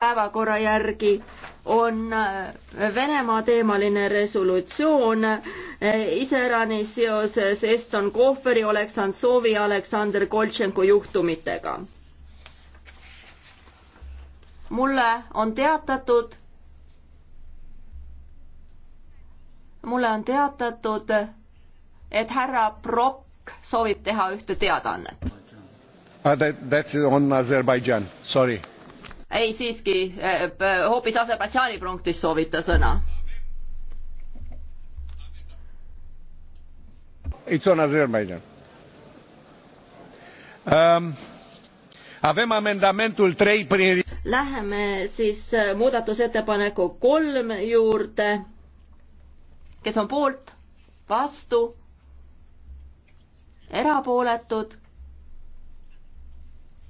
päevakorra järgi on äh, Venemaa teemaline resolutsioon äh, iseäranis seoses Eston Kohveri, Oleksandsovi ja Aleksander Koltšenko juhtumitega. mulle on teatatud, mulle on teatatud, et härra Prokk soovib teha ühte teadaannet ah,. That, that's on Aserbaidžan, sorry ei siiski, eh, eh, hoopis Aserbaidžaani punktis soovite sõna. It's on Azerbaijan um,. Avem amendamentul trei prin... Läheme siis eh, muudatusettepaneku kolm juurde. kes on poolt, vastu, erapooletud,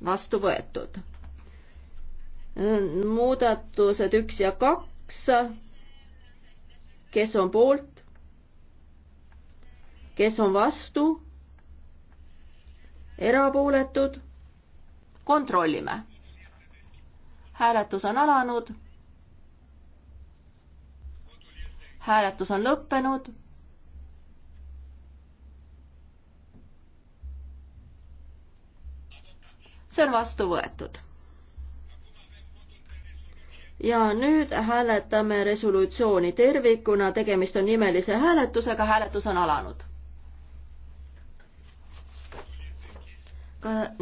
vastu võetud muudatused üks ja kaks, kes on poolt, kes on vastu, erapooletud, kontrollime. hääletus on alanud. hääletus on lõppenud see on vastu võetud ja nüüd hääletame resolutsiooni tervikuna, tegemist on nimelise hääletusega, hääletus on alanud.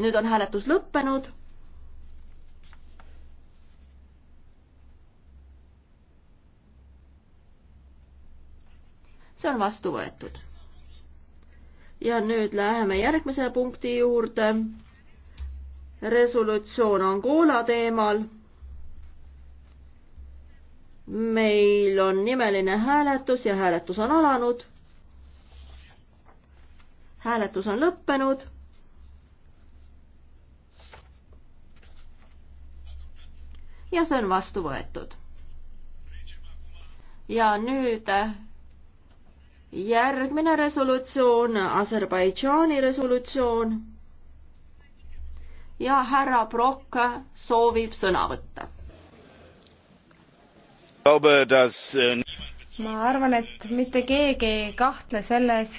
nüüd on hääletus lõppenud. see on vastu võetud. ja nüüd läheme järgmise punkti juurde. resolutsioon Angola teemal meil on nimeline hääletus ja hääletus on alanud. hääletus on lõppenud. ja see on vastu võetud. ja nüüd järgmine resolutsioon, Aserbaidžaani resolutsioon. ja härra Prokk soovib sõna võtta Äh, ma arvan, et mitte keegi ei kahtle selles,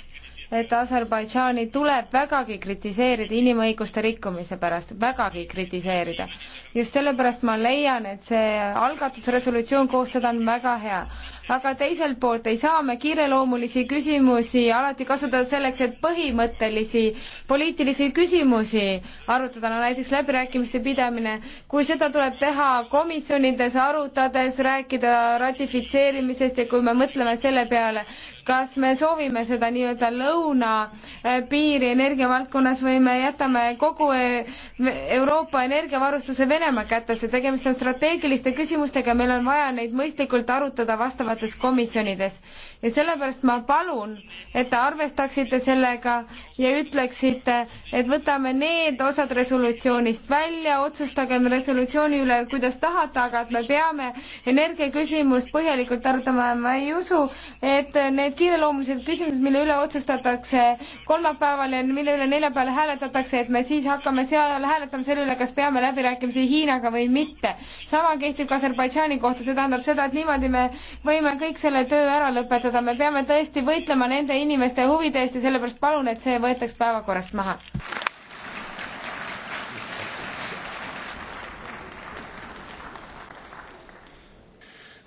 et Aserbaidžaani tuleb vägagi kritiseerida inimõiguste rikkumise pärast, vägagi kritiseerida. just sellepärast ma leian, et see algatusresolutsioon koostada on väga hea. aga teiselt poolt ei saa me kiireloomulisi küsimusi alati kasutada selleks, et põhimõttelisi poliitilisi küsimusi arutada, no näiteks läbirääkimiste pidamine, kui seda tuleb teha komisjonides arutades, rääkida ratifitseerimisest ja kui me mõtleme selle peale, kas me soovime seda nii-öelda lõunapiiri äh, energiavaldkonnas või me jätame kogu äh, Euroopa energiavarustuse Venemaa kätesse, tegemist on strateegiliste küsimustega, meil on vaja neid mõistlikult arutada vastavates komisjonides. ja sellepärast ma palun, et te arvestaksite sellega ja ütleksite, et võtame need osad resolutsioonist välja, otsustagem resolutsiooni üle, kuidas tahate, aga et me peame energiaküsimust põhjalikult arutama ja ma ei usu, et need need kiireloomulised küsimused, mille üle otsustatakse kolmapäeval ja mille üle neljapäeval hääletatakse, et me siis hakkame seal hääletama selle üle, kas peame läbirääkimisi Hiinaga või mitte. sama kehtib ka Aserbaidžaani kohta, see tähendab seda, et niimoodi me võime kõik selle töö ära lõpetada, me peame tõesti võitlema nende inimeste huvide eest ja sellepärast palun, et see võetaks päevakorrast maha.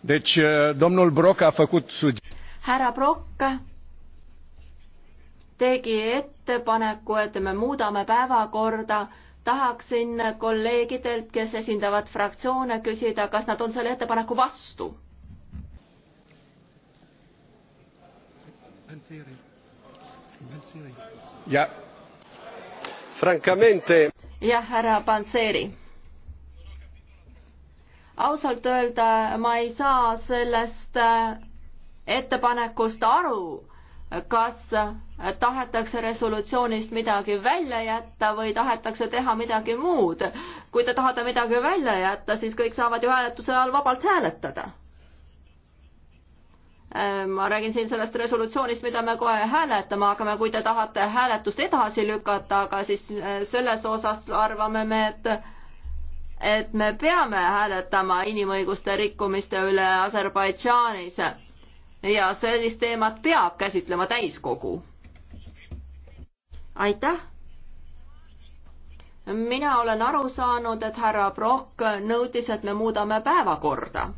deci domnul brok a făcut sugestii härra Prokk tegi ettepaneku, et me muudame päevakorda. tahaksin kolleegidelt, kes esindavad fraktsioone, küsida, kas nad on selle ettepaneku vastu. jah, härra Panseri ausalt öelda ma ei saa sellest äh, ettepanekust aru, kas tahetakse resolutsioonist midagi välja jätta või tahetakse teha midagi muud. kui te tahate midagi välja jätta, siis kõik saavad ju hääletuse ajal vabalt hääletada. Äh, ma räägin siin sellest resolutsioonist, mida me kohe hääletama hakkame, kui te tahate hääletust edasi lükata, aga siis äh, selles osas arvame me, et et me peame hääletama inimõiguste rikkumiste üle Aserbaidžaanis ja sellist teemat peab käsitlema täiskogu. aitäh! mina olen aru saanud, et härra Brock nõudis, et me muudame päevakorda.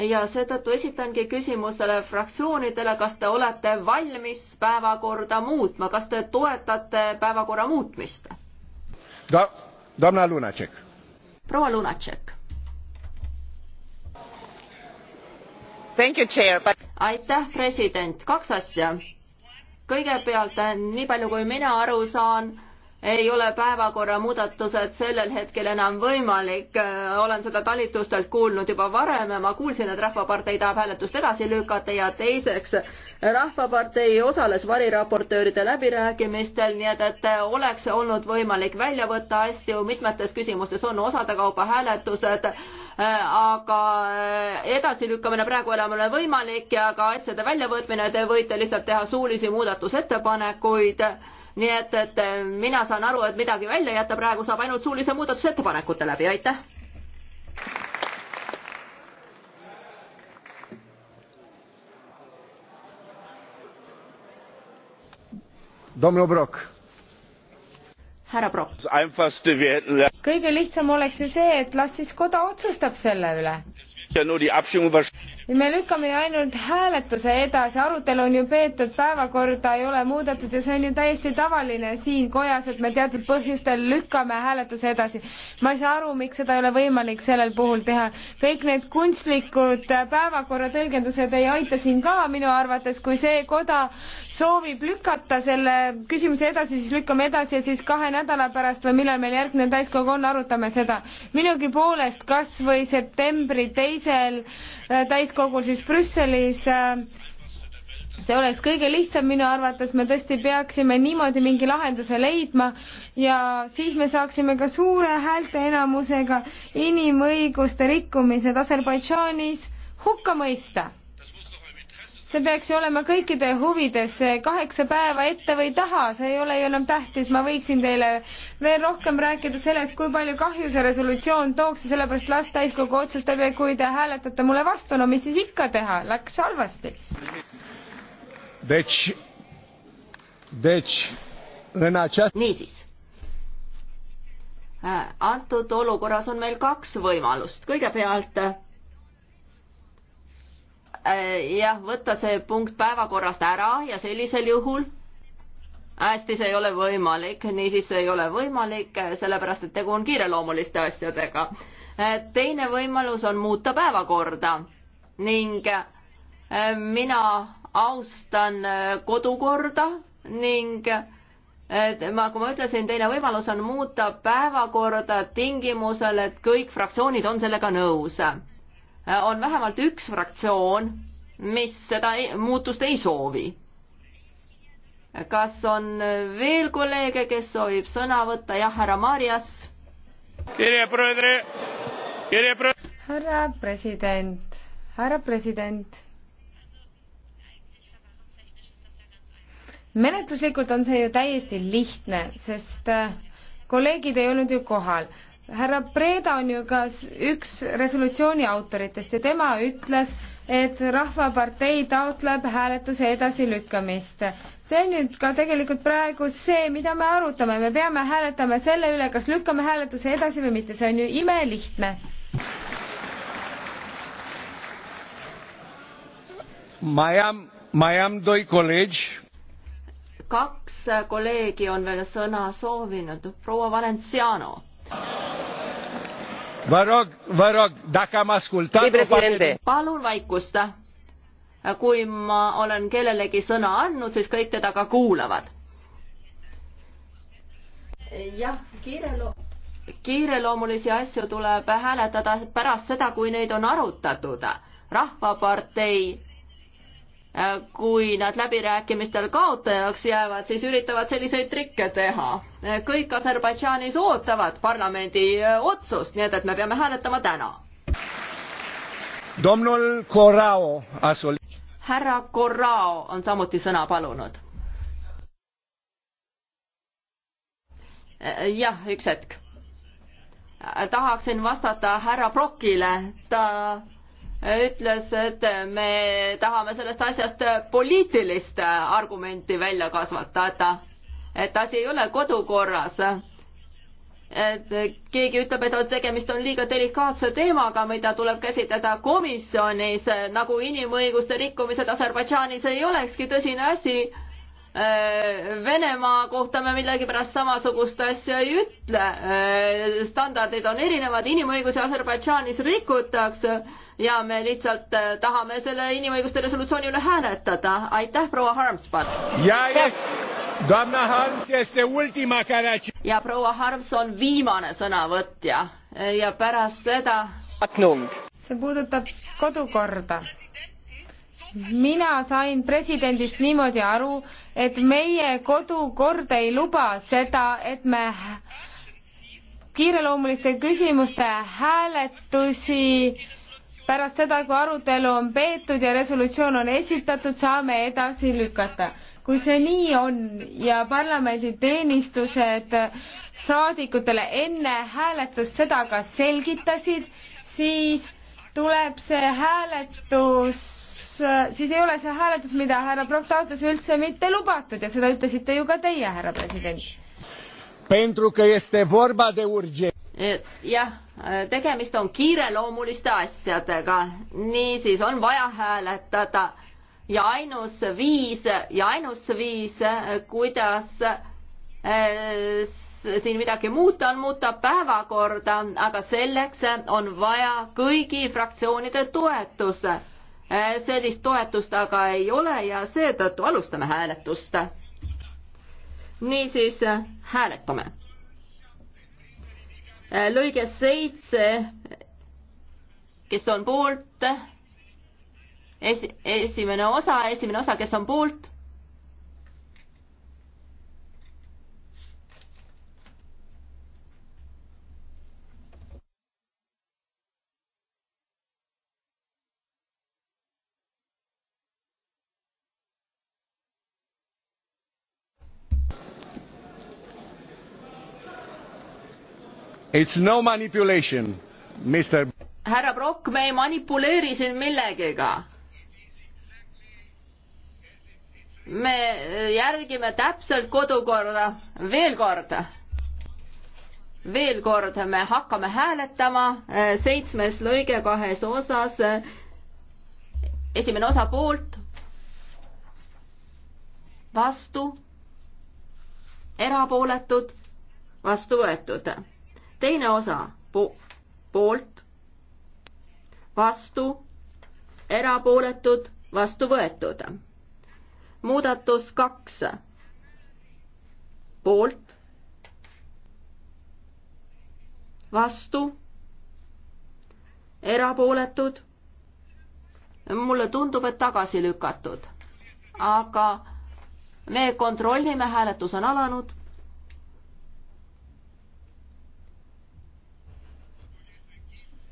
ja seetõttu esitangi küsimusele fraktsioonidele, kas te olete valmis päevakorda muutma, kas te toetate päevakorra muutmist? proua Lunatšek But... aitäh, president, kaks asja. kõigepealt, nii palju kui mina aru saan ei ole päevakorra muudatused sellel hetkel enam võimalik. olen seda talitustelt kuulnud juba varem ja ma kuulsin, et Rahvapartei tahab hääletust edasi lükata ja teiseks, Rahvapartei osales variraportööride läbirääkimistel, nii et, et oleks olnud võimalik välja võtta asju, mitmetes küsimustes on osade kaupa hääletused, aga edasilükkamine praegu enam ei ole võimalik ja ka asjade väljavõtmine, te võite lihtsalt teha suulisi muudatusettepanekuid nii et, et äh, mina saan aru, et midagi välja jätta praegu saab ainult suulise muudatusettepanekute läbi, aitäh. Domnul Brock härra Brock. kõige lihtsam oleks ju see, et las siis koda otsustab selle üle ja me lükkame ju ainult hääletuse edasi, arutelu on ju peetud, päevakorda ei ole muudetud ja see on ju täiesti tavaline siin kojas, et me teatud põhjustel lükkame hääletuse edasi. ma ei saa aru, miks seda ei ole võimalik sellel puhul teha. kõik need kunstlikud päevakorra tõlgendused ei aita siin ka minu arvates, kui see koda soovib lükata selle küsimuse edasi, siis lükkame edasi ja siis kahe nädala pärast või millal meil järgmine täiskogu on, arutame seda. minugi poolest kas või septembri teisel äh, täiskogul täiskogul siis Brüsselis äh, see oleks kõige lihtsam minu arvates, me tõesti peaksime niimoodi mingi lahenduse leidma ja siis me saaksime ka suure häälteenamusega inimõiguste rikkumised Aserbaidžaanis hukka mõista see peaks ju olema kõikide huvides, kaheksa päeva ette või taha, see ei ole ju enam tähtis, ma võiksin teile veel rohkem rääkida sellest, kui palju kahju see resolutsioon tooks ja sellepärast las täiskogu otsustab ja kui te hääletate mulle vastu, no mis siis ikka teha, läks halvasti. Deci, deci, în această... Niisiis äh, antud olukorras on meil kaks võimalust. kõigepealt Äh, jah, võtta see punkt päevakorrast ära ja sellisel juhul hästi, see ei ole võimalik, niisiis see ei ole võimalik, äh, sellepärast et tegu on kiireloomuliste asjadega. Äh, teine võimalus on muuta päevakorda ning mina austan kodukorda ning ma, kui ma ütlesin, teine võimalus on muuta päevakorda tingimusel, et kõik fraktsioonid on sellega nõus on vähemalt üks fraktsioon, mis seda muutust ei soovi. kas on veel kolleege, kes soovib sõna võtta? jah, härra Marias. härra president, härra president. menetluslikult on see ju täiesti lihtne, sest äh, kolleegid ei olnud ju kohal härra Preda on ju ka üks resolutsiooni autoritest ja tema ütles, et Rahvapartei taotleb hääletuse edasilükkamist. see on nüüd ka tegelikult praegu see, mida me arutame, me peame hääletama selle üle, kas lükkame hääletuse edasi või mitte, see on ju imelihtne. kaks kolleegi on veel sõna soovinud, proua Valenciano Vă rog, vă rog, dacă am ascultat... Palun vaikust. Kui ma olen kellelegi sõna andnud, siis kõik teda ka kuulavad. Jah, kiirelo kiireloomulisi asju tuleb hääletada pärast seda, kui neid on arutatud. rahvapartei Äh, kui nad läbirääkimistel kaotajaks jäävad, siis üritavad selliseid trikke teha. Äh, kõik Aserbaidžaanis ootavad parlamendi äh, otsust, nii et, et me peame hääletama täna. härra Corrao on samuti sõna palunud. jah, üks hetk. tahaksin vastata härra Brokile, ta ütles, et me tahame sellest asjast poliitilist argumenti välja kasvatada, et asi ei ole kodukorras. et keegi ütleb, et on tegemist on liiga delikaatse teemaga, mida tuleb käsitleda komisjonis, nagu inimõiguste rikkumised Aserbaidžaanis ei olekski tõsine asi Äh, Venemaa kohta me millegipärast samasugust asja ei ütle. Äh, standardid on erinevad, inimõigusi Aserbaidžaanis rikutakse ja me lihtsalt äh, tahame selle inimõiguste resolutsiooni üle hääletada. aitäh, proua Harmspat. ja proua Harms on viimane sõnavõtja ja pärast seda. see puudutab kodukorda mina sain presidendist niimoodi aru, et meie kodukord ei luba seda, et me kiireloomuliste küsimuste hääletusi pärast seda, kui arutelu on peetud ja resolutsioon on esitatud, saame edasi lükata. kui see nii on ja parlamendi teenistused saadikutele enne hääletust seda ka selgitasid, siis tuleb see hääletus Äh, siis ei ole see hääletus, mida härra Brock taotles, üldse mitte lubatud ja seda ütlesite ju ka teie, härra president. E, jah, tegemist on kiireloomuliste asjadega, niisiis on vaja hääletada ja ainus viis ja ainus viis, kuidas e, siin midagi muuta on, muuta päevakorda, aga selleks on vaja kõigi fraktsioonide toetuse Äh, sellist toetust aga ei ole ja seetõttu alustame hääletust. niisiis äh, hääletame. Äh, lõige seitse, kes on poolt, es-, esimene osa, esimene osa, kes on poolt It's no manipulation, Mr. härra Brock, me ei manipuleeri siin millegagi. me järgime täpselt kodukorda, veel kord veel kord, me hakkame hääletama, eh, seitsmes lõige kahes osas. esimene osa poolt, vastu, erapooletud, vastu võetud teine osa po poolt, vastu, erapooletud, vastu võetud. muudatus kaks, poolt, vastu, erapooletud. mulle tundub, et tagasi lükatud, aga me kontrollime, hääletus on alanud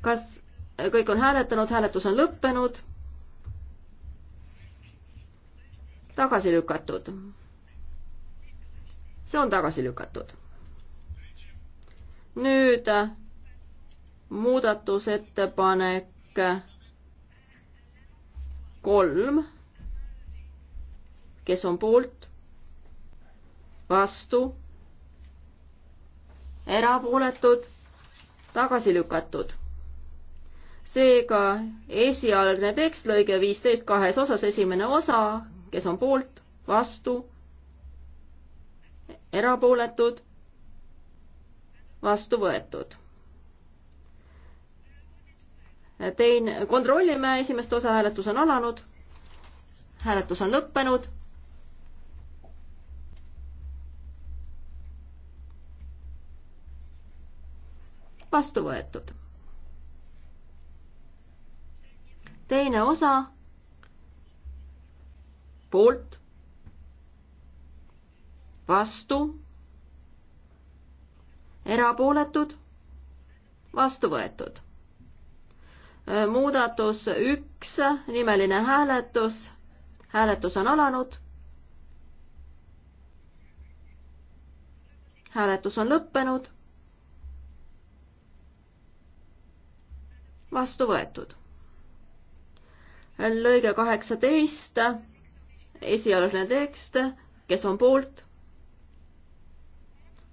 kas kõik on hääletanud, hääletus on lõppenud? tagasi lükatud. see on tagasi lükatud. nüüd äh, muudatusettepanek äh, kolm, kes on poolt, vastu, erapooletud, tagasi lükatud seega esialgne tekst, lõige viisteist kahes osas, esimene osa, kes on poolt, vastu, erapooletud, vastu võetud. teine, kontrollime, esimest osa hääletus on alanud, hääletus on lõppenud vastu võetud. teine osa poolt, vastu, erapooletud, vastu võetud. Äh, muudatus üks, nimeline hääletus, hääletus on alanud. hääletus on lõppenud. vastu võetud lõige kaheksateist, esialgne tekst, kes on poolt,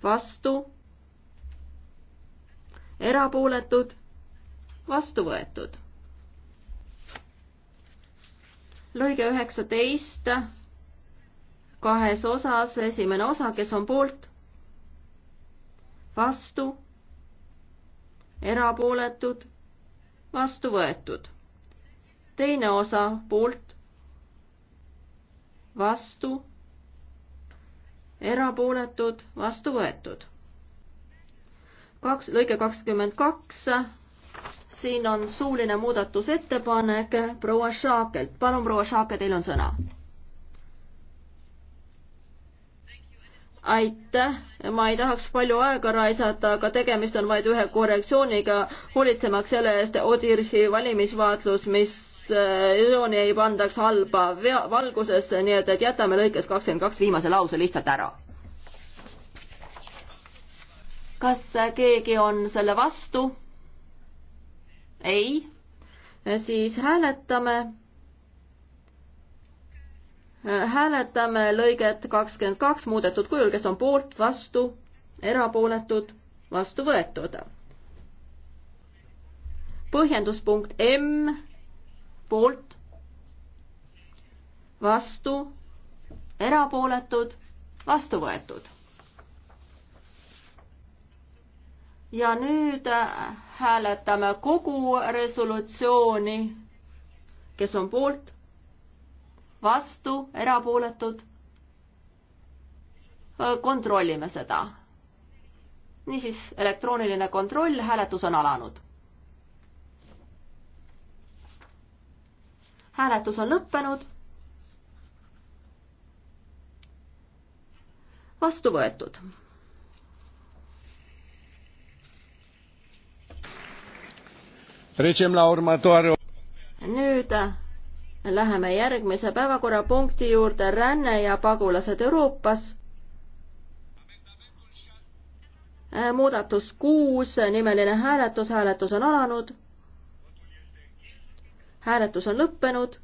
vastu, erapooletud, vastu võetud. lõige üheksateist, kahes osas, esimene osa, kes on poolt, vastu, erapooletud, vastu võetud teine osa poolt, vastu, erapooletud, vastu võetud. kaks, lõige kakskümmend kaks, siin on suuline muudatusettepanek proua Šaakelt, palun proua Šaake, teil on sõna. aitäh, ma ei tahaks palju aega raisata, aga tegemist on vaid ühe korrektsiooniga, hoolitsemaks selle eest Odirhi valimisvaatlus, mis diskussiooni äh, ei pandaks halba vea, valgusesse, nii et, et jätame lõikes kakskümmend kaks viimase lause lihtsalt ära. kas keegi on selle vastu? ei? siis hääletame. hääletame lõiget kakskümmend kaks muudetud kujul, kes on poolt, vastu, erapooletud, vastu võetud põhjenduspunkt M poolt, vastu, erapooletud, vastu võetud. ja nüüd äh, hääletame kogu resolutsiooni, kes on poolt, vastu, erapooletud. Äh, kontrollime seda niisiis elektrooniline kontroll, hääletus on alanud hääletus on lõppenud. vastu võetud. nüüd läheme järgmise päevakorrapunkti juurde, ränne ja pagulased Euroopas muudatus kuus, nimeline hääletus, hääletus on alanud hääletus on lõppenud.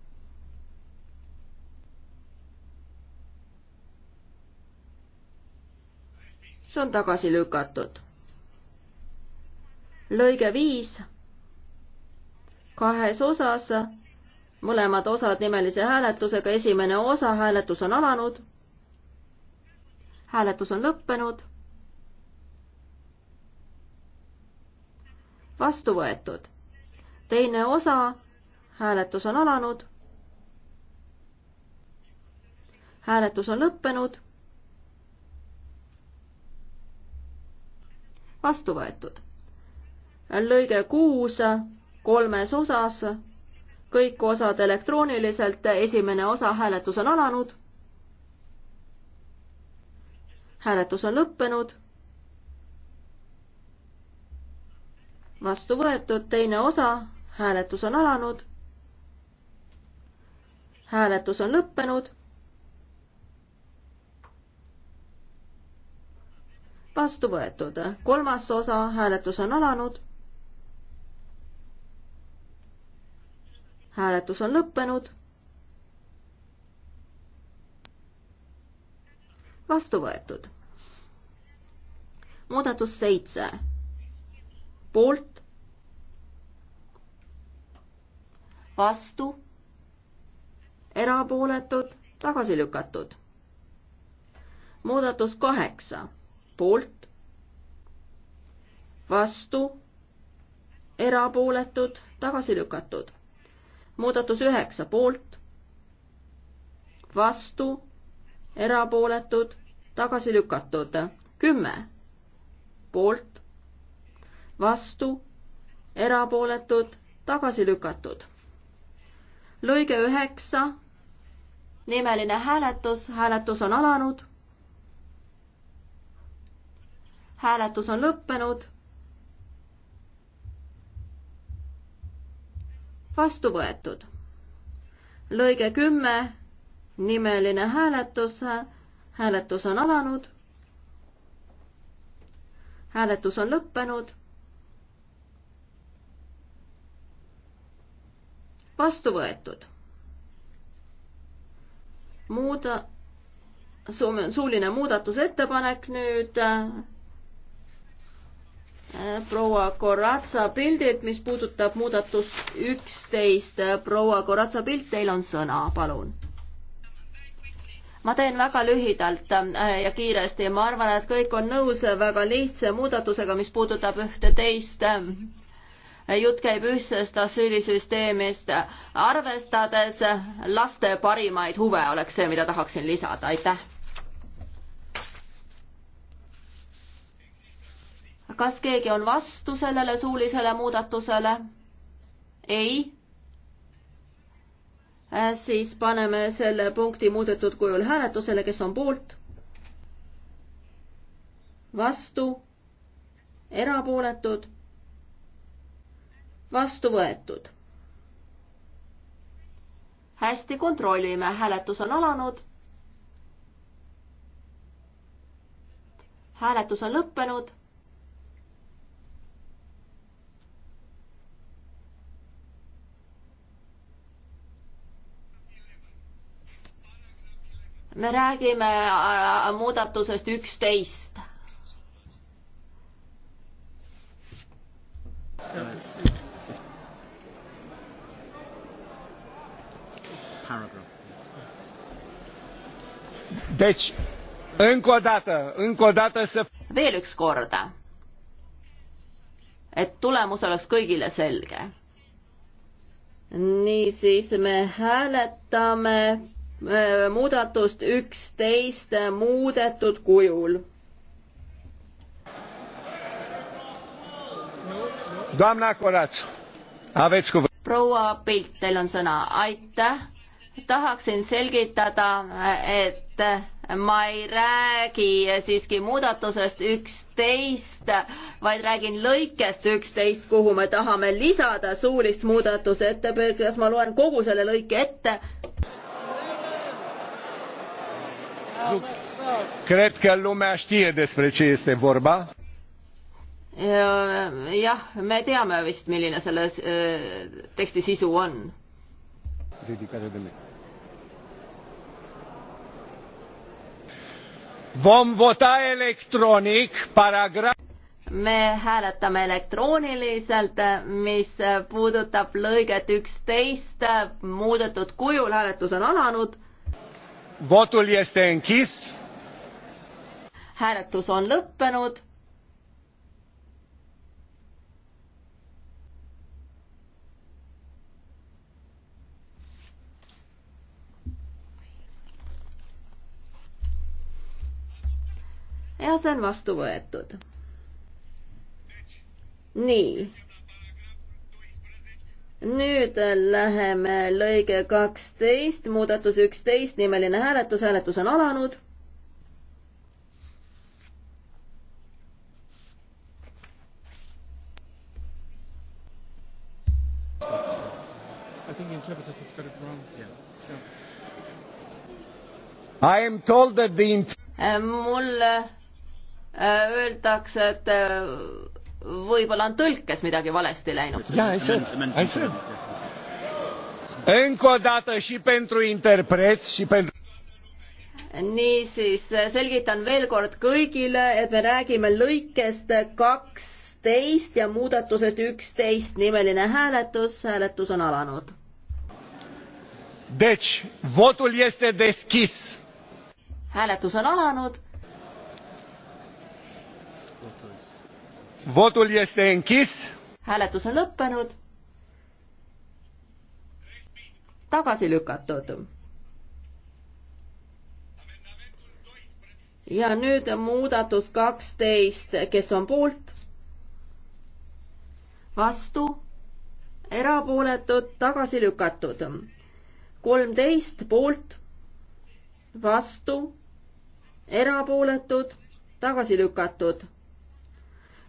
see on tagasi lükatud. lõige viis kahes osas, mõlemad osad nimelise hääletusega, esimene osa hääletus on alanud. hääletus on lõppenud. vastu võetud. teine osa hääletus on alanud. hääletus on lõppenud. vastu võetud. lõige kuus kolmes osas, kõik osad elektrooniliselt, esimene osa hääletus on alanud. hääletus on lõppenud. vastu võetud teine osa, hääletus on alanud hääletus on lõppenud. vastu võetud, kolmas osa, hääletus on alanud. hääletus on lõppenud. vastu võetud. muudatus seitse, poolt, vastu erapooletud, tagasi lükatud. muudatus kaheksa, poolt, vastu, erapooletud, tagasi lükatud. muudatus üheksa, poolt, vastu, erapooletud, tagasi lükatud. kümme, poolt, vastu, erapooletud, tagasi lükatud. lõige üheksa nimeline hääletus, hääletus on alanud. hääletus on lõppenud. vastu võetud. lõige kümme, nimeline hääletus, hääletus on alanud. hääletus on lõppenud. vastu võetud muuda, suuline muudatusettepanek nüüd äh, proua Koratsa pildilt, mis puudutab muudatust üksteist. proua Koratsa pilt, teil on sõna, palun. ma teen väga lühidalt äh, ja kiiresti, ma arvan, et kõik on nõus väga lihtsa muudatusega, mis puudutab ühteteist jutt käib ühtsest asüülisüsteemist, arvestades laste parimaid huve, oleks see, mida tahaksin lisada, aitäh. kas keegi on vastu sellele suulisele muudatusele? ei? siis paneme selle punkti muudetud kujul hääletusele, kes on poolt? vastu? erapooletud? vastu võetud. hästi, kontrollime, hääletus on alanud. hääletus on lõppenud. me räägime äh, äh, muudatusest üksteist. Äh, paragraph. Deci, încă o dată, încă o dată să... Veel üks korda, et tulemus oleks kõigile selge. Niisiis me hääletame äh, muudatust üksteist muudetud kujul. Doamna Corațu, aveți cuvânt. Proua Pilt, teil on sõna. Aitäh tahaksin selgitada, et ma ei räägi siiski muudatusest üksteist, vaid räägin lõikest üksteist, kuhu me tahame lisada suulist muudatusettepanekut, kas ma loen kogu selle lõike ette? Cred că lumea știe despre ce este vorba. Jah, me teame vist, milline selle äh, teksti sisu on. Dedicare de mine Vom vota electronic paragrahv me hääletame elektrooniliselt, mis puudutab lõiget üksteist muudetud kujul, hääletus on alanud. hääletus on lõppenud ja see on vastu võetud. nii. nüüd läheme lõige kaksteist, muudatus üksteist, nimeline hääletus, hääletus on alanud. I am told that the mulle Äh, öeldakse, et äh, võib-olla on tõlkes midagi valesti läinud. niisiis, selgitan veel kord kõigile, et me räägime lõikest kaksteist ja muudatusest üksteist nimeline hääletus, hääletus on alanud. Deci, votul este deschis. hääletus on alanud votul este închis. hääletus on lõppenud. tagasi lükatud. ja nüüd muudatus kaksteist, kes on poolt? vastu, erapooletud, tagasi lükatud. kolmteist poolt, vastu, erapooletud, tagasi lükatud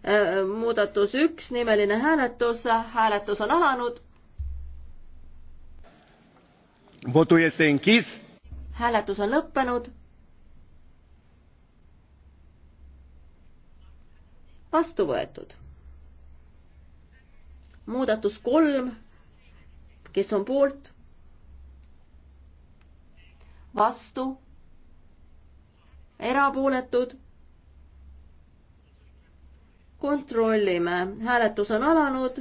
Äh, muudatus üks, nimeline hääletus, hääletus on alanud. hääletus on lõppenud. vastu võetud. muudatus kolm, kes on poolt? vastu? erapooletud kontrollime, hääletus on alanud.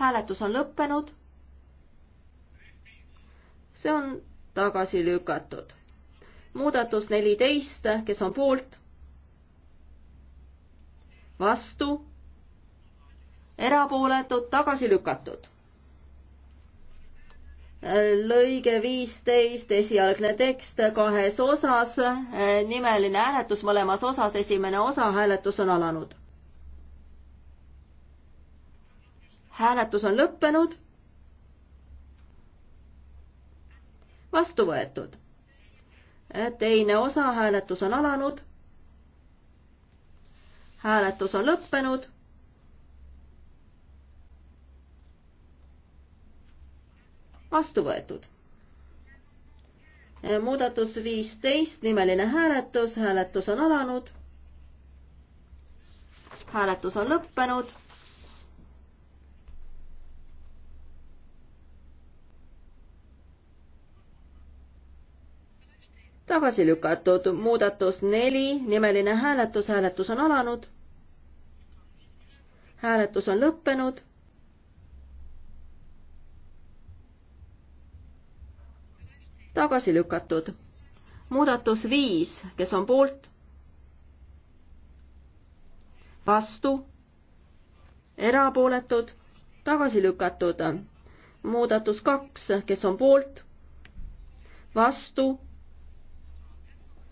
hääletus on lõppenud. see on tagasi lükatud. muudatus neliteist, kes on poolt? vastu? erapooletud, tagasi lükatud lõige viisteist, esialgne tekst kahes osas, nimeline hääletus mõlemas osas, esimene osa, hääletus on alanud. hääletus on lõppenud. vastu võetud. teine osa, hääletus on alanud. hääletus on lõppenud vastu võetud. muudatus viisteist, nimeline hääletus, hääletus on alanud. hääletus on lõppenud. tagasi lükatud muudatus neli, nimeline hääletus, hääletus on alanud. hääletus on lõppenud tagasi lükatud. muudatus viis, kes on poolt? vastu, erapooletud, tagasi lükatud. muudatus kaks, kes on poolt? vastu,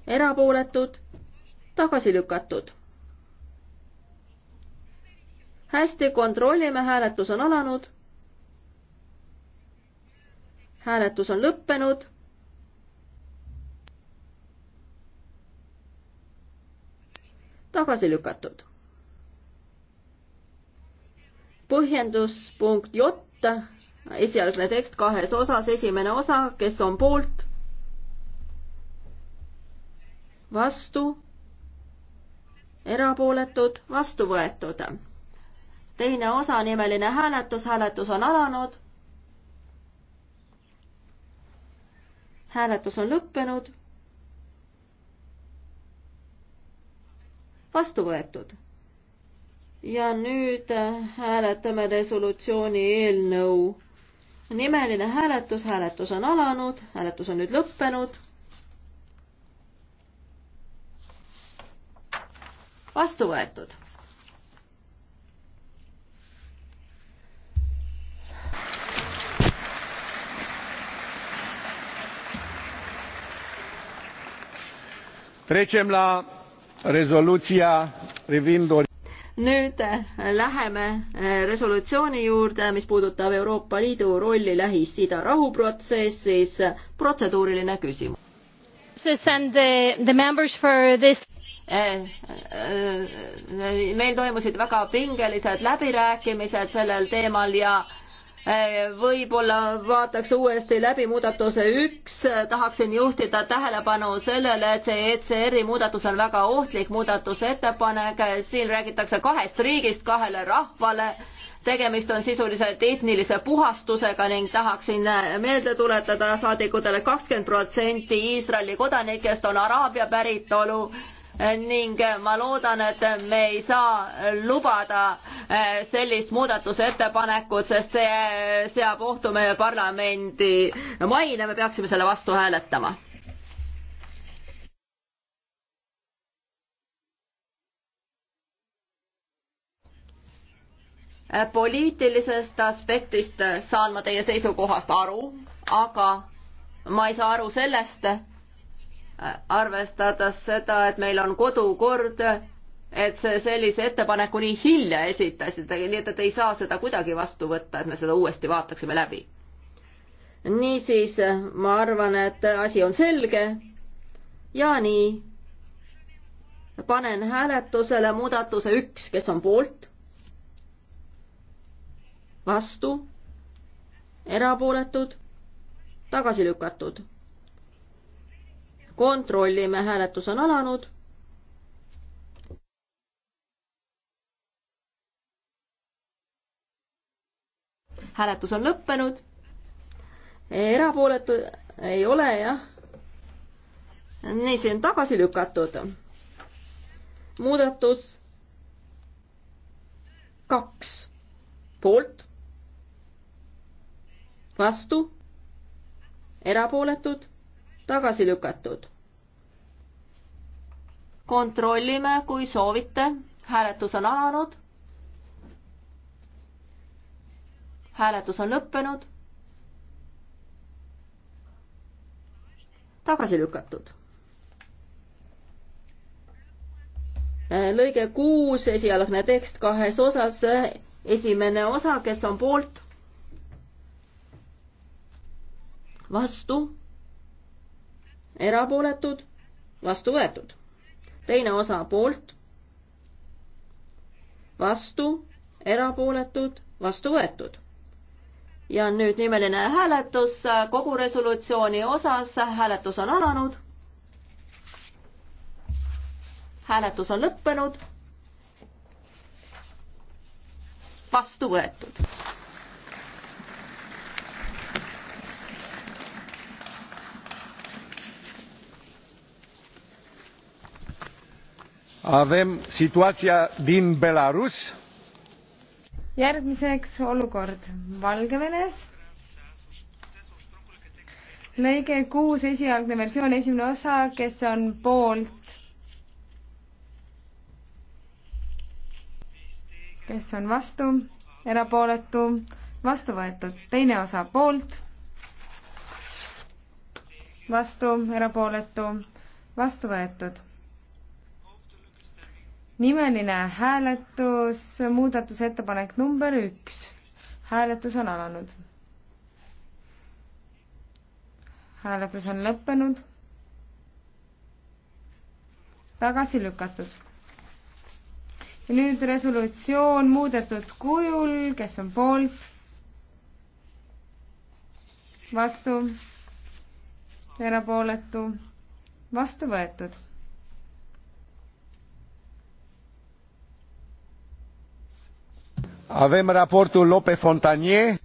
erapooletud, tagasi lükatud. hästi, kontrollime, hääletus on alanud hääletus on lõppenud. tagasi lükatud. põhjenduspunkt J, esialgne tekst kahes osas, esimene osa, kes on poolt, vastu, erapooletud, vastu võetud. teine osa, nimeline hääletus, hääletus on alanud. hääletus on lõppenud vastu võetud. ja nüüd äh, hääletame resolutsiooni eelnõu. nimeline hääletus, hääletus on alanud, hääletus on nüüd lõppenud. vastu võetud trecem la rezoluția privind nüüd äh, läheme äh, resolutsiooni juurde, mis puudutab Euroopa Liidu rolli Lähis-Ida rahuprotsessis. Äh, protseduuriline küsimus. meil toimusid väga pingelised läbirääkimised sellel teemal ja võib-olla vaataks uuesti läbi muudatuse üks, tahaksin juhtida tähelepanu sellele, et see ECR-i muudatus on väga ohtlik muudatusettepanek, siin räägitakse kahest riigist kahele rahvale, tegemist on sisuliselt etnilise puhastusega ning tahaksin meelde tuletada saadikutele, kakskümmend protsenti Iisraeli kodanikest on araabia päritolu ning ma loodan, et me ei saa lubada eh, sellist muudatusettepanekut, sest see seab ohtu meie parlamendi maine, me peaksime selle vastu hääletama. poliitilisest aspektist saan ma teie seisukohast aru, aga ma ei saa aru sellest, arvestades seda, et meil on kodukord, et see sellise ettepaneku nii hilja esitasite, nii et, et ei saa seda kuidagi vastu võtta, et me seda uuesti vaataksime läbi. niisiis, ma arvan, et asi on selge ja nii panen hääletusele muudatuse üks, kes on poolt, vastu, erapooletud, tagasi lükatud kontrollime, hääletus on alanud. hääletus on lõppenud. erapooletu ei ole jah. nii, see on tagasi lükatud. muudatus kaks poolt, vastu, erapooletud tagasi lükatud. kontrollime, kui soovite, hääletus on alanud. hääletus on lõppenud. tagasi lükatud äh, lõige kuus, esialgne tekst kahes osas, esimene osa, kes on poolt, vastu, erapooletud, vastu võetud. teine osa poolt, vastu, erapooletud, vastu võetud. ja nüüd nimeline hääletus kogu resolutsiooni osas, hääletus on alanud. hääletus on lõppenud. vastu võetud avem situația din Belarus. järgmiseks olukord Valgevenes. lõige kuus, esialgne versioon, esimene osa, kes on poolt? kes on vastu? erapooletu? vastu võetud. teine osa poolt? vastu, erapooletu? vastu võetud nimeline hääletus, muudatusettepanek number üks. hääletus on alanud. hääletus on lõppenud. tagasi lükatud. ja nüüd resolutsioon muudetud kujul, kes on poolt? vastu? erapooletu? vastu võetud avem raportul Lope Fontanier.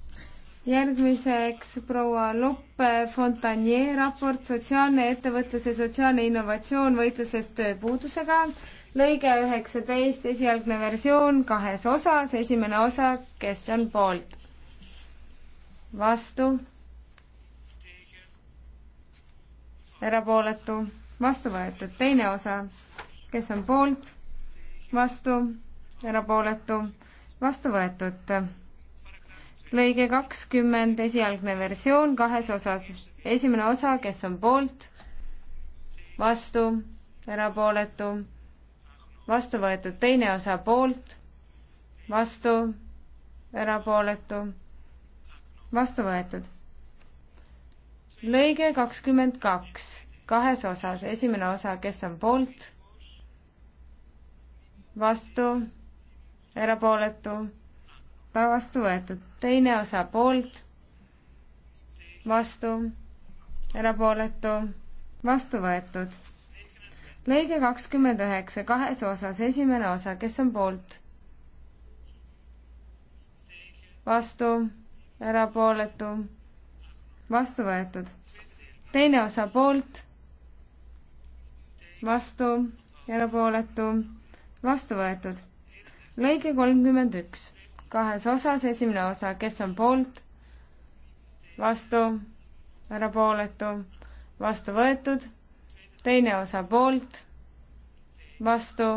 järgmiseks proua Lope Fontanier raport Sotsiaalne ettevõtlus ja sotsiaalne innovatsioon võitluses tööpuudusega. lõige üheksateist, esialgne versioon kahes osas, esimene osa, kes on poolt? vastu? erapooletu, vastu võetud, teine osa, kes on poolt? vastu? erapooletu vastu võetud. lõige kakskümmend, esialgne versioon kahes osas. esimene osa, kes on poolt, vastu, erapooletu, vastu võetud. teine osa poolt, vastu, erapooletu, vastu võetud. lõige kakskümmend kaks, kahes osas. esimene osa, kes on poolt, vastu erapooletu, ta vastu võetud. teine osa poolt, vastu, erapooletu, vastu võetud. lõige kakskümmend üheksa kahes osas, esimene osa, kes on poolt? vastu, erapooletu, vastu võetud. teine osa poolt, vastu, erapooletu, vastu võetud lõige kolmkümmend üks, kahes osas, esimene osa, kes on poolt, vastu, erapooletu, vastu võetud, teine osa poolt, vastu,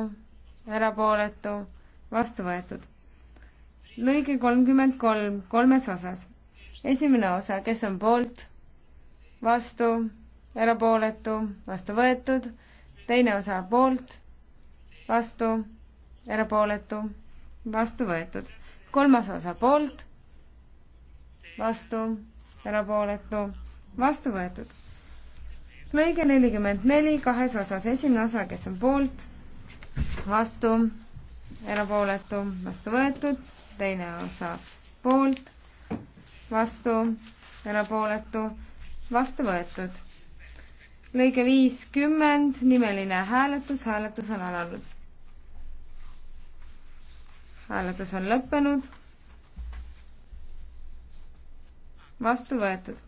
erapooletu, vastu võetud. lõige kolmkümmend kolm, kolmes osas. esimene osa, kes on poolt, vastu, erapooletu, vastu võetud, teine osa poolt, vastu, erapooletu, vastu võetud. kolmas osa poolt, vastu, erapooletu, vastu võetud. lõige nelikümmend neli kahes osas, esimene osa, kes on poolt, vastu, erapooletu, vastu võetud, teine osa poolt, vastu, erapooletu, vastu võetud. lõige viiskümmend, nimeline hääletus, hääletus on alanud hääletus on lõppenud. vastu võetud.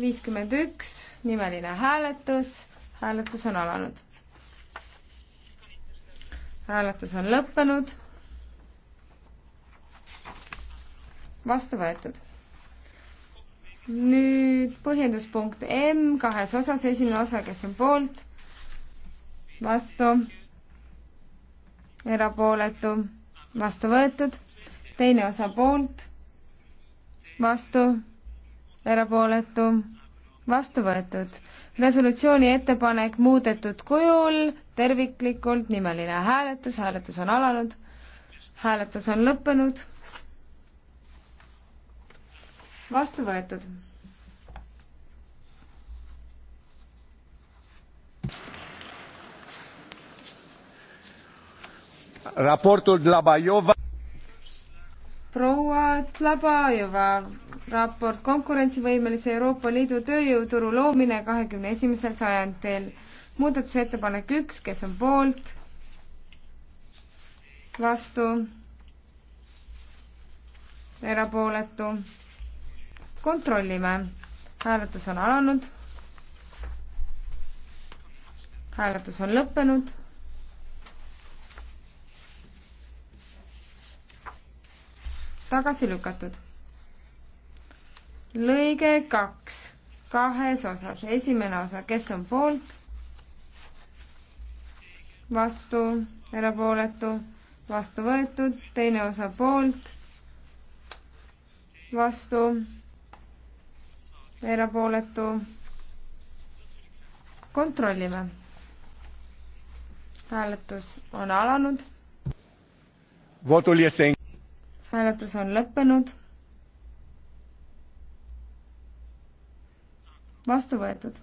viiskümmend üks, nimeline hääletus, hääletus on alanud. hääletus on lõppenud. vastu võetud. nüüd põhjenduspunkt M kahes osas, esimene osa, kes on poolt, vastu erapooletu, vastu võetud, teine osa poolt, vastu, erapooletu, vastu võetud. resolutsiooni ettepanek muudetud kujul, terviklikult, nimeline hääletus, hääletus on alanud, hääletus on lõppenud, vastu võetud raportul Dlabajova. proua Dlabajova raport konkurentsivõimelise Euroopa Liidu tööjõuturu loomine kahekümne esimesel sajandil. muudatusettepanek üks, kes on poolt? vastu? erapooletu? kontrollime. hääletus on alanud. hääletus on lõppenud tagasi lükatud. lõige kaks, kahes osas, esimene osa, kes on poolt, vastu, erapooletu, vastu võetud, teine osa poolt, vastu, erapooletu. kontrollime. hääletus on alanud. Votul este hääletus on lõppenud. vastu võetud.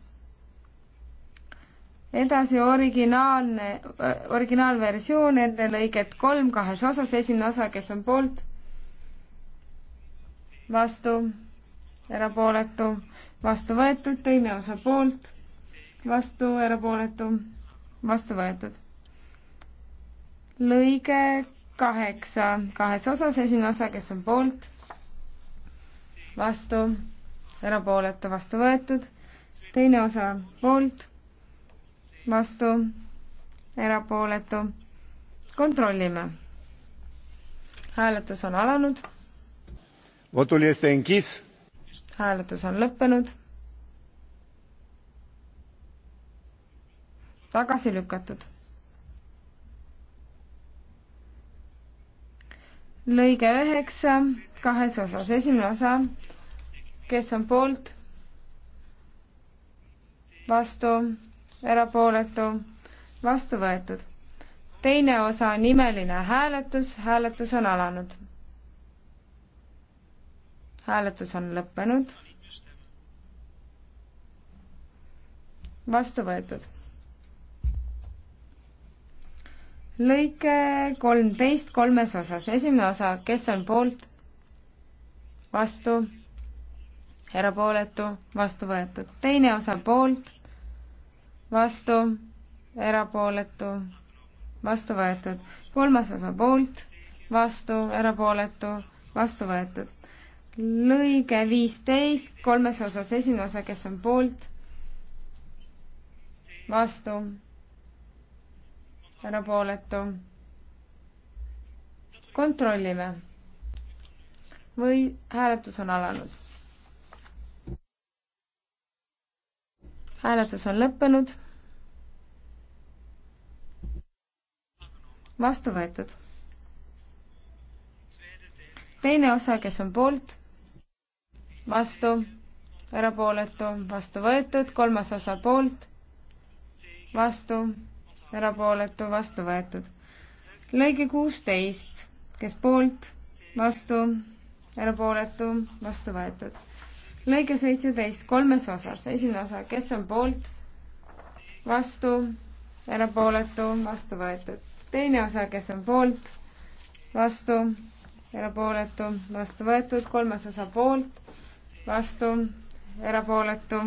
edasi originaalne äh,, originaalversioon enne lõiget kolm kahes osas, esimene osa, kes on poolt, vastu, erapooletu, vastu võetud, teine osa poolt, vastu, erapooletu, vastu võetud. lõige kaheksa kahes osas, esimene osa, kes on poolt, vastu, erapooletu, vastu võetud, teine osa poolt, vastu, erapooletu, kontrollime. hääletus on alanud. hääletus on lõppenud. tagasi lükatud lõige üheksa kahes osas, esimene osa, kes on poolt, vastu, erapooletu, vastu võetud. teine osa, nimeline hääletus, hääletus on alanud. hääletus on lõppenud. vastu võetud lõike kolmteist kolmes osas, esimene osa, kes on poolt, vastu, erapooletu, vastu võetud, teine osa poolt, vastu, erapooletu, vastu võetud, kolmas osa poolt, vastu, erapooletu, vastu võetud. lõige viisteist kolmes osas, esimene osa, kes on poolt, vastu erapooletu. kontrollime. või hääletus on alanud. hääletus on lõppenud. vastu võetud. teine osa, kes on poolt, vastu, erapooletu, vastu võetud, kolmas osa poolt, vastu erapooletu, vastu võetud. lõige kuusteist, kes poolt, vastu, erapooletu, vastu võetud. lõige seitseteist, kolmes osas, esimene osa, kes on poolt, vastu, erapooletu, vastu võetud. teine osa, kes on poolt, vastu, erapooletu, vastu võetud, kolmas osa poolt, vastu, erapooletu,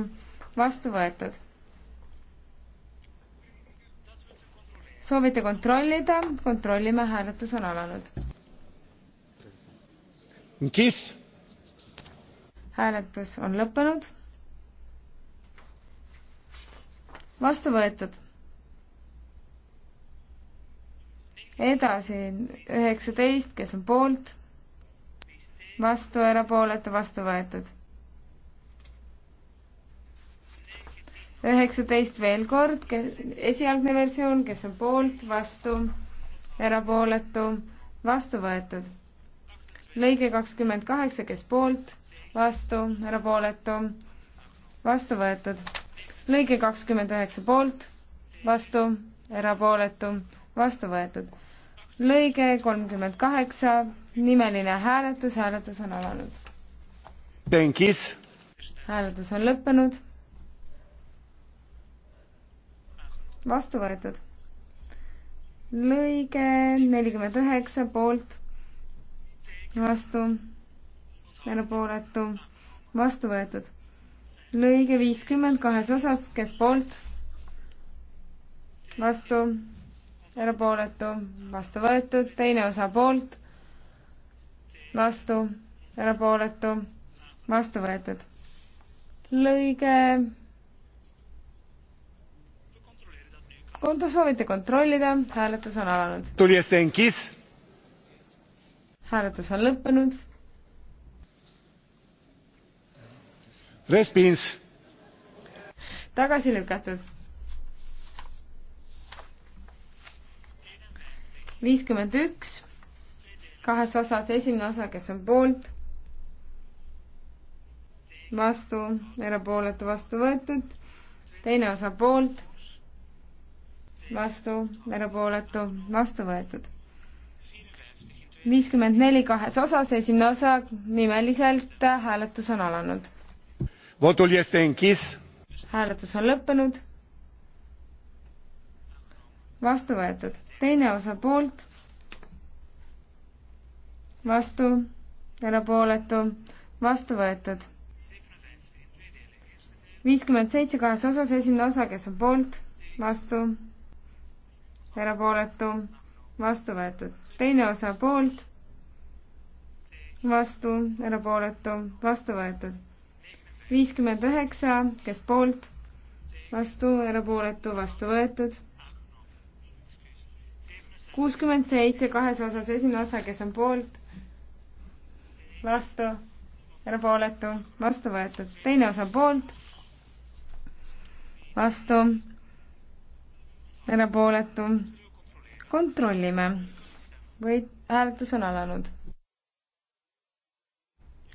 vastu võetud soovite kontrollida, kontrollime, hääletus on alanud. hääletus on lõppenud. vastu võetud. edasi üheksateist, kes on poolt, vastu, erapooletu, vastu võetud üheksateist veel kord, esialgne versioon, kes on poolt, vastu, erapooletu, vastu võetud. lõige kakskümmend kaheksa, kes poolt, vastu, erapooletu, vastu võetud. lõige kakskümmend üheksa poolt, vastu, erapooletu, vastu võetud. lõige kolmkümmend kaheksa, nimeline hääletus, hääletus on alanud. hääletus on lõppenud vastu võetud. lõige nelikümmend üheksa poolt, vastu, erapooletu, vastu võetud. lõige viiskümmend kahes osas, kes poolt, vastu, erapooletu, vastu võetud, teine osa poolt, vastu, erapooletu, vastu võetud. lõige konto soovite kontrollida, hääletus on alanud. hääletus on lõppenud. Respins. tagasi lükatud. viiskümmend üks, kahes osas, esimene osa, kes on poolt, vastu, erapooletu vastu võetud, teine osa poolt vastu, erapooletu, vastu võetud. viiskümmend neli kahes osas, esimene osa nimeliselt, hääletus on alanud. hääletus on lõppenud. vastu võetud, teine osa poolt, vastu, erapooletu, vastu võetud. viiskümmend seitse kahes osas, esimene osa, kes on poolt, vastu erapooletu, vastu võetud. teine osa poolt, vastu, erapooletu, vastu võetud. viiskümmend üheksa, kes poolt, vastu, erapooletu, vastu võetud. kuuskümmend seitse kahes osas, esimene osa, kes on poolt, vastu, erapooletu, vastu võetud. teine osa poolt, vastu erapooletu. kontrollime. või hääletus on alanud.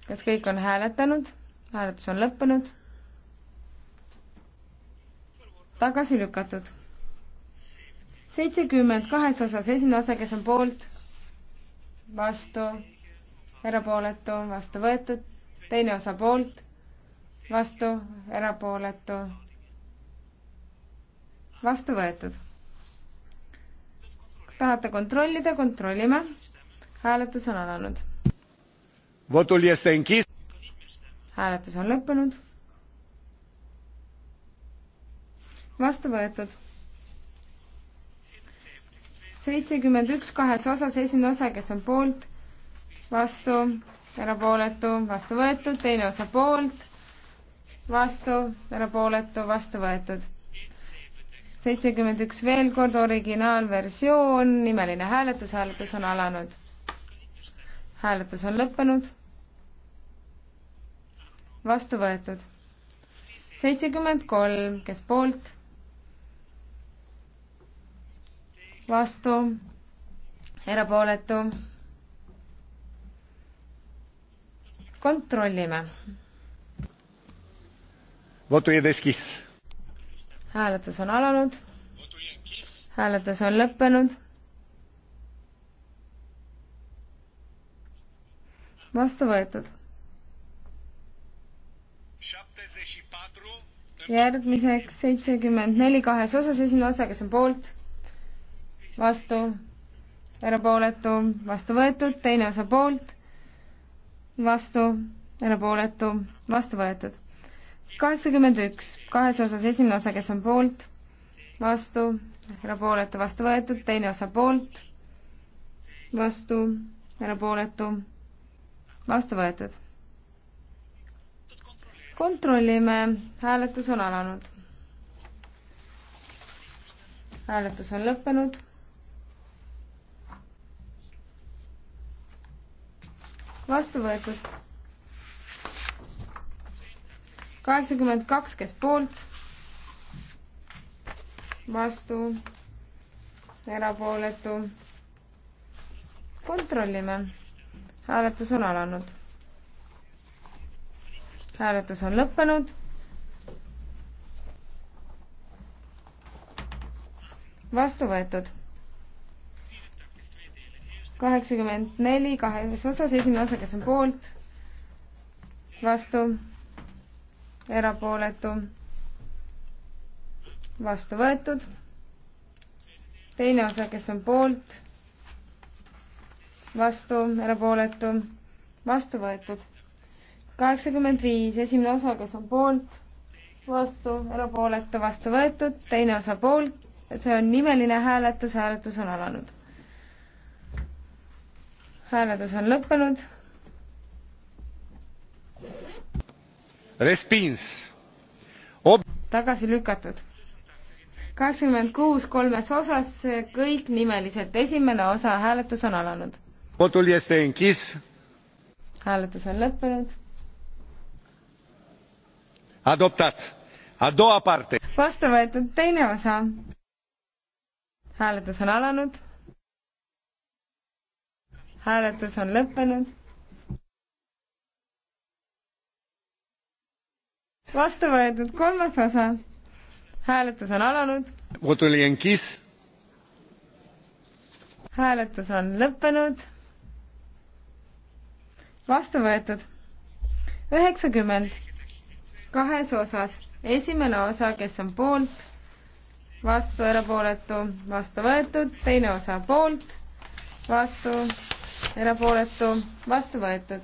kas kõik on hääletanud? hääletus on lõppenud. tagasi lükatud. seitsekümmend kahes osas, esimene osa, kes on poolt, vastu, erapooletu, vastu võetud, teine osa poolt, vastu, erapooletu vastu võetud. tahate kontrollida, kontrollime. hääletus on alanud. hääletus on lõppenud. vastu võetud. seitsekümmend üks kahes osas, esimene osa, kes on poolt, vastu, erapooletu, vastu võetud, teine osa poolt, vastu, erapooletu, vastu võetud seitsekümmend üks veel kord originaalversioon, nimeline hääletus, hääletus on alanud. hääletus on lõppenud. vastu võetud. seitsekümmend kolm, kes poolt? vastu, erapooletu. kontrollime. Votu je deskiss hääletus on alanud. hääletus on lõppenud. vastu võetud. järgmiseks seitsekümmend neli kahes osas, esimene osa, kes on poolt, vastu, erapooletu, vastu võetud, teine osa poolt, vastu, erapooletu, vastu võetud kaheksakümmend üks, kahes osas esimene osa, kes on poolt, vastu, erapooletu, vastu võetud, teine osa poolt, vastu, erapooletu, vastu võetud. kontrollime, hääletus on alanud. hääletus on lõppenud. vastu võetud kaheksakümmend kaks, kes poolt, vastu, erapooletu. kontrollime. hääletus on alanud. hääletus on lõppenud. vastu võetud kaheksakümmend neli kahes osas, esimene osa, kes on poolt, vastu, erapooletu, vastu võetud. teine osa, kes on poolt, vastu, erapooletu, vastu võetud. kaheksakümmend viis, esimene osa, kes on poolt, vastu, erapooletu, vastu võetud, teine osa poolt, see on nimeline hääletus, hääletus on alanud. hääletus on lõppenud respins Ob. tagasi lükatud. kakskümmend kuus kolmes osas, kõik nimeliselt. esimene osa, hääletus on alanud. hääletus on lõppenud. vastu võetud teine osa. hääletus on alanud. hääletus on lõppenud vastu võetud kolmas osa. hääletus on alanud. hääletus on lõppenud. vastu võetud üheksakümmend kahes osas. esimene osa, kes on poolt, vastu, erapooletu, vastu võetud, teine osa poolt, vastu, erapooletu, vastu võetud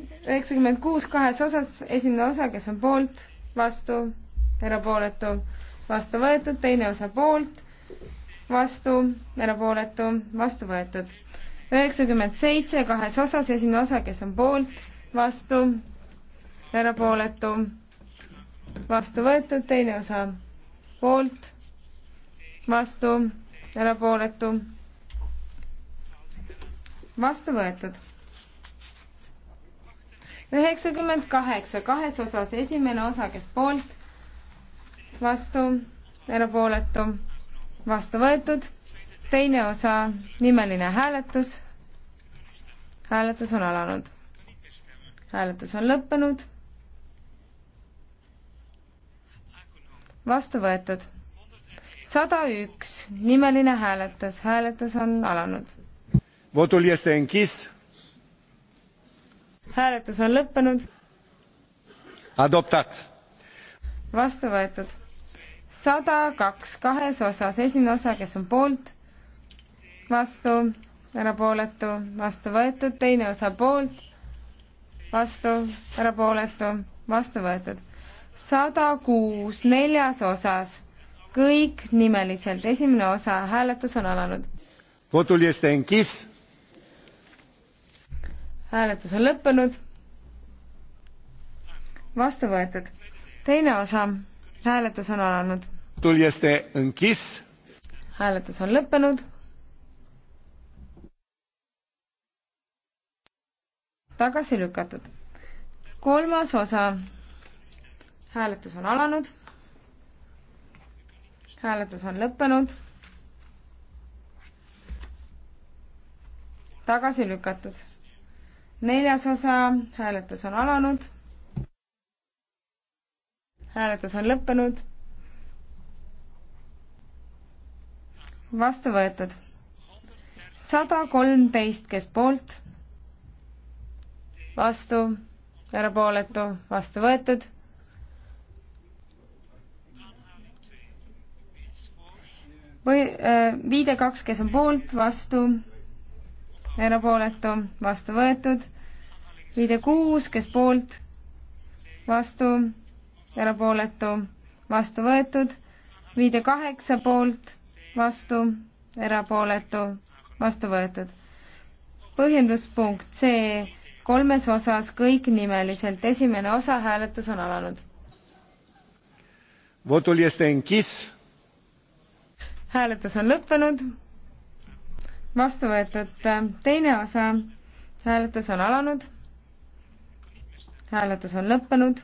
üheksakümmend kuus kahes osas, esimene osa, kes on poolt, vastu, erapooletu, vastu võetud, teine osa poolt, vastu, erapooletu, vastu võetud. üheksakümmend seitse kahes osas, esimene osa, kes on poolt, vastu, erapooletu, vastu võetud, teine osa poolt, vastu, erapooletu, vastu võetud üheksakümmend kaheksa, kahes osas, esimene osa, kes poolt, vastu, erapooletu, vastu võetud, teine osa, nimeline hääletus. hääletus on alanud. hääletus on lõppenud. vastu võetud. sada üks, nimeline hääletus, hääletus on alanud. Votul este închis hääletus on lõppenud. Adoptat. vastu võetud. sada kaks kahes osas, esimene osa, kes on poolt, vastu, erapooletu, vastu võetud, teine osa poolt, vastu, erapooletu, vastu võetud. sada kuus neljas osas, kõik nimeliselt, esimene osa, hääletus on alanud. Votul este închis hääletus on lõppenud. vastu võetud. teine osa, hääletus on alanud. hääletus on lõppenud. tagasi lükatud. kolmas osa, hääletus on alanud. hääletus on lõppenud. tagasi lükatud neljas osa, hääletus on alanud. hääletus on lõppenud. vastu võetud. sada kolmteist, kes poolt? vastu, erapooletu, vastu võetud. või äh, viide kaks, kes on poolt, vastu erapooletu, vastu võetud. viide kuus, kes poolt, vastu, erapooletu, vastu võetud. viide kaheksa poolt, vastu, erapooletu, vastu võetud. põhjenduspunkt C kolmes osas kõik nimeliselt. esimene osa hääletus on alanud. hääletus on lõppenud vastu võetud teine osa, hääletus on alanud, hääletus on lõppenud.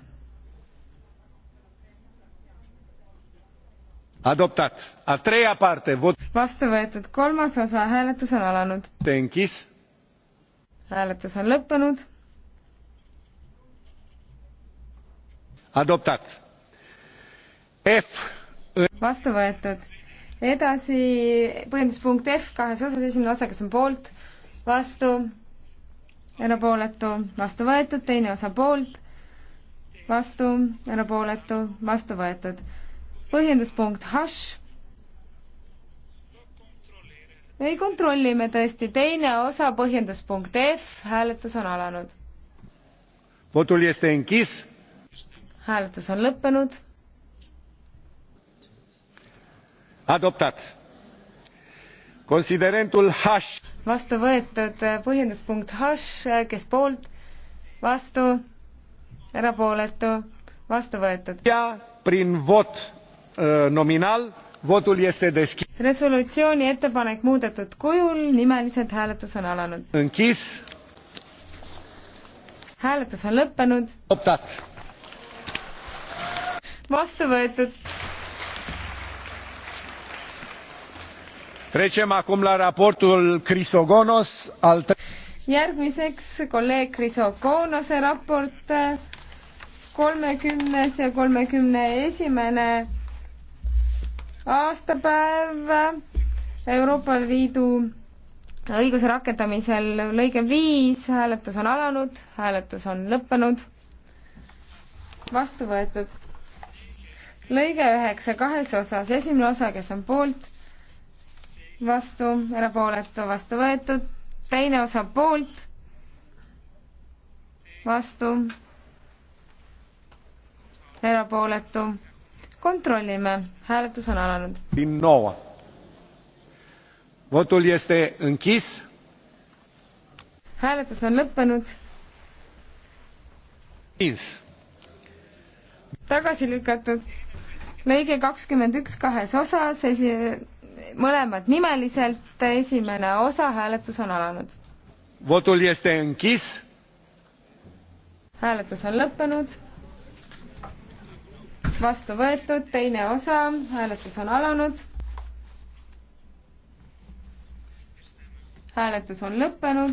adoptat, a treia parte vot-. vastu võetud kolmas osa, hääletus on alanud. tenkis. hääletus on lõppenud. adoptat. F. vastu võetud edasi põhjenduspunkt F kahes osas, esimene osa, kes on poolt, vastu, erapooletu, vastu võetud, teine osa poolt, vastu, erapooletu, vastu võetud. põhjenduspunkt H. ei, kontrollime tõesti, teine osa, põhjenduspunkt F, hääletus on alanud. hääletus on lõppenud adoptat. considerentul h vastu võetud eh, põhjenduspunkt h eh, kes poolt vastu erapooletu vastu võetud. ja prin vot eh, nominal votul este deschis. resolutsiooni ettepanek muudetud kujul nimeliselt hääletus on alanud. închis. hääletus on lõppenud. vastu võetud. trecem acum la raportul Crisogonos al järgmiseks kolleeg Krisogonose raport kolmekümnes ja kolmekümne esimene aastapäev Euroopa Liidu õiguse rakendamisel lõige viis, hääletus on alanud, hääletus on lõppenud, vastu võetud. lõige üheksa kahes osas, esimene osa, kes on poolt vastu, erapooletu, vastu võetud, teine osa poolt, vastu, erapooletu. kontrollime, hääletus on alanud. hääletus on lõppenud. tagasi lükatud lõige kakskümmend üks kahes osas, esi-, mõlemad nimeliselt, esimene osa, hääletus on alanud. hääletus on lõppenud. vastu võetud, teine osa, hääletus on alanud. hääletus on lõppenud.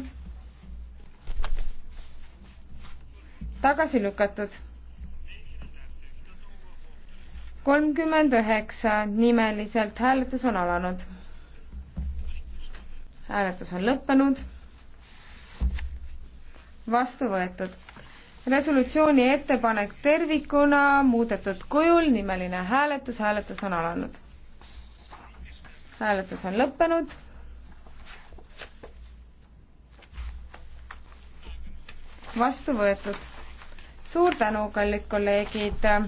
tagasi lükatud kolmkümmend üheksa nimeliselt hääletus on alanud. hääletus on lõppenud. vastu võetud. resolutsiooni ettepanek tervikuna muudetud kujul, nimeline hääletus, hääletus on alanud. hääletus on lõppenud. vastu võetud. suur tänu, kallid kolleegid.